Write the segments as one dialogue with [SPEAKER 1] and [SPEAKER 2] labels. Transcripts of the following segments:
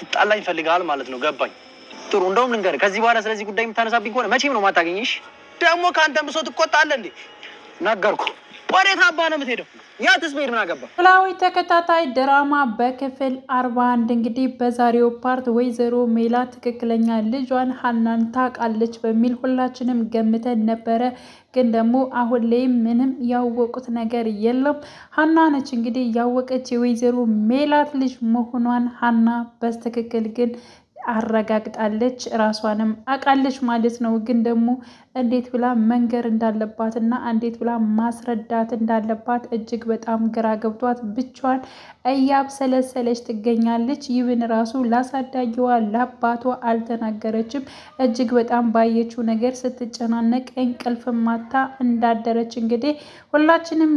[SPEAKER 1] ልትጣላኝ ፈልገሃል ማለት ነው። ገባኝ። ጥሩ። እንደውም ልንገርህ፣ ከዚህ በኋላ ስለዚህ ጉዳይ የምታነሳብኝ ከሆነ መቼም ነው ማታገኝሽ። ደግሞ ከአንተ ብሶ ትቆጣለህ እንዴ? ነገርኩህ። ወዴት አባ ነው የምትሄደው? ያትስ መሄድ ምን አገባ?
[SPEAKER 2] ኖላዊ ተከታታይ ድራማ በክፍል አርባ አንድ እንግዲህ በዛሬው ፓርት ወይዘሮ ሜላት ትክክለኛ ልጇን ሀናን ታውቃለች በሚል ሁላችንም ገምተን ነበረ። ግን ደግሞ አሁን ላይ ምንም ያወቁት ነገር የለም። ሀና ነች እንግዲህ ያወቀች የወይዘሮ ሜላት ልጅ መሆኗን ሀና በስትክክል ግን አረጋግጣለች ራሷንም አውቃለች ማለት ነው። ግን ደግሞ እንዴት ብላ መንገር እንዳለባት እና እንዴት ብላ ማስረዳት እንዳለባት እጅግ በጣም ግራ ገብቷት ብቻዋን እያብሰለሰለች ትገኛለች። ይብን ራሱ ላሳዳጊዋ ለአባቷ አልተናገረችም። እጅግ በጣም ባየችው ነገር ስትጨናነቅ እንቅልፍ ማታ እንዳደረች እንግዲህ ሁላችንም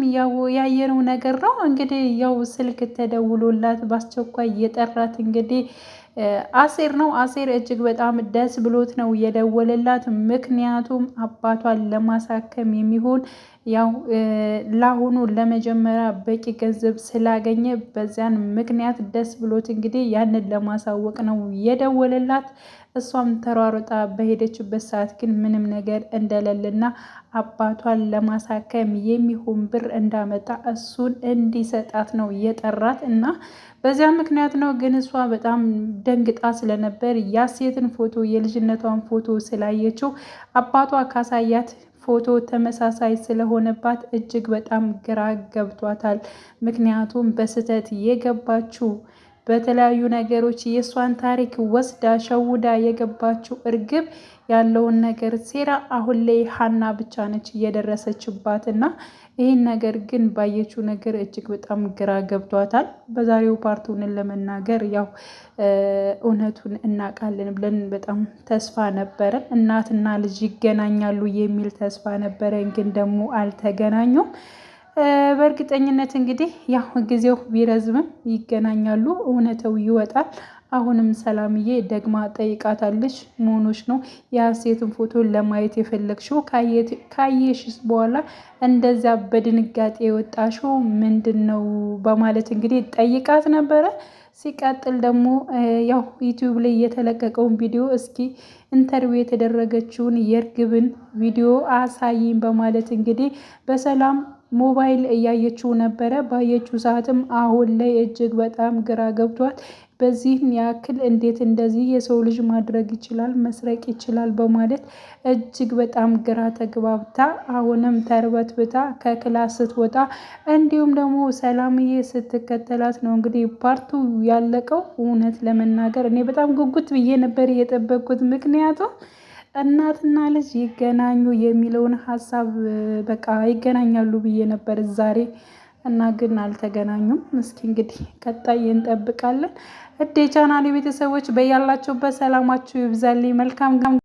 [SPEAKER 2] ያየነው ነገር ነው። እንግዲህ ያው ስልክ ተደውሎላት በአስቸኳይ የጠራት እንግዲህ አሴር ነው። አሴር እጅግ በጣም ደስ ብሎት ነው የደወለላት። ምክንያቱም አባቷን ለማሳከም የሚሆን ያው ለአሁኑ ለመጀመሪያ በቂ ገንዘብ ስላገኘ በዚያን ምክንያት ደስ ብሎት እንግዲህ ያንን ለማሳወቅ ነው የደወለላት። እሷም ተሯሩጣ በሄደችበት ሰዓት ግን ምንም ነገር እንደሌለና አባቷን ለማሳከም የሚሆን ብር እንዳመጣ እሱን እንዲሰጣት ነው የጠራት እና በዚያ ምክንያት ነው። ግን እሷ በጣም ደንግጣ ስለነበር ያሴትን ፎቶ የልጅነቷን ፎቶ ስላየችው አባቷ ካሳያት ፎቶ ተመሳሳይ ስለሆነባት እጅግ በጣም ግራ ገብቷታል። ምክንያቱም በስህተት የገባችው በተለያዩ ነገሮች የእሷን ታሪክ ወስዳ ሸውዳ የገባችው እርግብ ያለውን ነገር ሴራ አሁን ላይ ሀና ብቻ ነች እየደረሰችባት እና ይህን ነገር ግን ባየችው ነገር እጅግ በጣም ግራ ገብቷታል። በዛሬው ፓርቱንን ለመናገር ያው እውነቱን እናውቃለን ብለን በጣም ተስፋ ነበረን። እናትና ልጅ ይገናኛሉ የሚል ተስፋ ነበረን፣ ግን ደግሞ አልተገናኙም። በእርግጠኝነት እንግዲህ ያው ጊዜው ቢረዝምም ይገናኛሉ፣ እውነተው ይወጣል። አሁንም ሰላምዬ ደግማ ጠይቃታለች። መሆኖች ነው የሀሴትን ፎቶ ለማየት የፈለግሽው? ካየሽስ በኋላ እንደዚያ በድንጋጤ የወጣሽው ምንድን ነው? በማለት እንግዲህ ጠይቃት ነበረ። ሲቀጥል ደግሞ ያው ዩቲዩብ ላይ የተለቀቀውን ቪዲዮ እስኪ ኢንተርቪው የተደረገችውን የእርግብን ቪዲዮ አሳይኝ በማለት እንግዲህ በሰላም ሞባይል እያየችው ነበረ። ባየችው ሰዓትም አሁን ላይ እጅግ በጣም ግራ ገብቷት በዚህን ያክል እንዴት እንደዚህ የሰው ልጅ ማድረግ ይችላል መስረቅ ይችላል በማለት እጅግ በጣም ግራ ተግባብታ አሁንም ተርበት ብታ ከክላስ ስትወጣ እንዲሁም ደግሞ ሰላምዬ ስትከተላት ነው እንግዲህ ፓርቱ ያለቀው። እውነት ለመናገር እኔ በጣም ጉጉት ብዬ ነበር የጠበቅኩት ምክንያቱም እናትና ልጅ ይገናኙ የሚለውን ሀሳብ በቃ ይገናኛሉ ብዬ ነበር ዛሬ እና ግን አልተገናኙም። እስኪ እንግዲህ ቀጣይ እንጠብቃለን። እዴ ቻናሌ ቤተሰቦች በያላችሁበት ሰላማችሁ ይብዛልኝ። መልካም